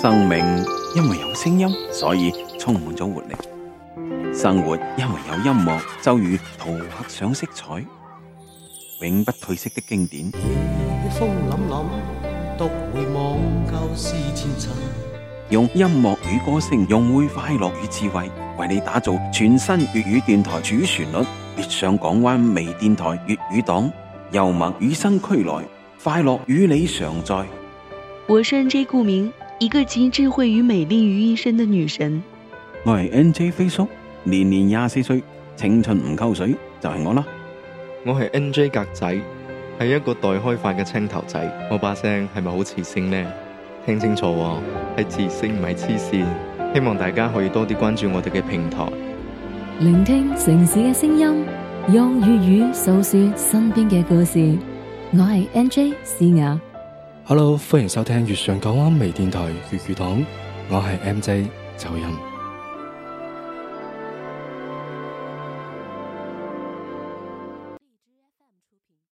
生命因為有聲音，所以充滿咗活力；生活因為有音樂，就如塗畫上色彩，永不褪色的經典。用音樂與歌聲，融匯快樂與智慧，為你打造全新粵語電台主旋律。月上港灣微電台粵語檔，幽默與生俱來，快樂與你常在。我係 NJ 顧銘。一個集智慧與美麗於一身的女神。我係 N J 飛叔，年年廿四歲，青春唔溝水就係、是、我啦。我係 N J 格仔，係一個待開發嘅青頭仔。我把聲係咪好磁性呢？聽清楚、哦，係磁性唔係黐線。希望大家可以多啲關注我哋嘅平台，聆聽城市嘅聲音，用粵語訴說身邊嘅故事。我係 N J 詩雅。Hello，歡迎收聽月上港灣微電台粵語檔，我係 NJ 走音。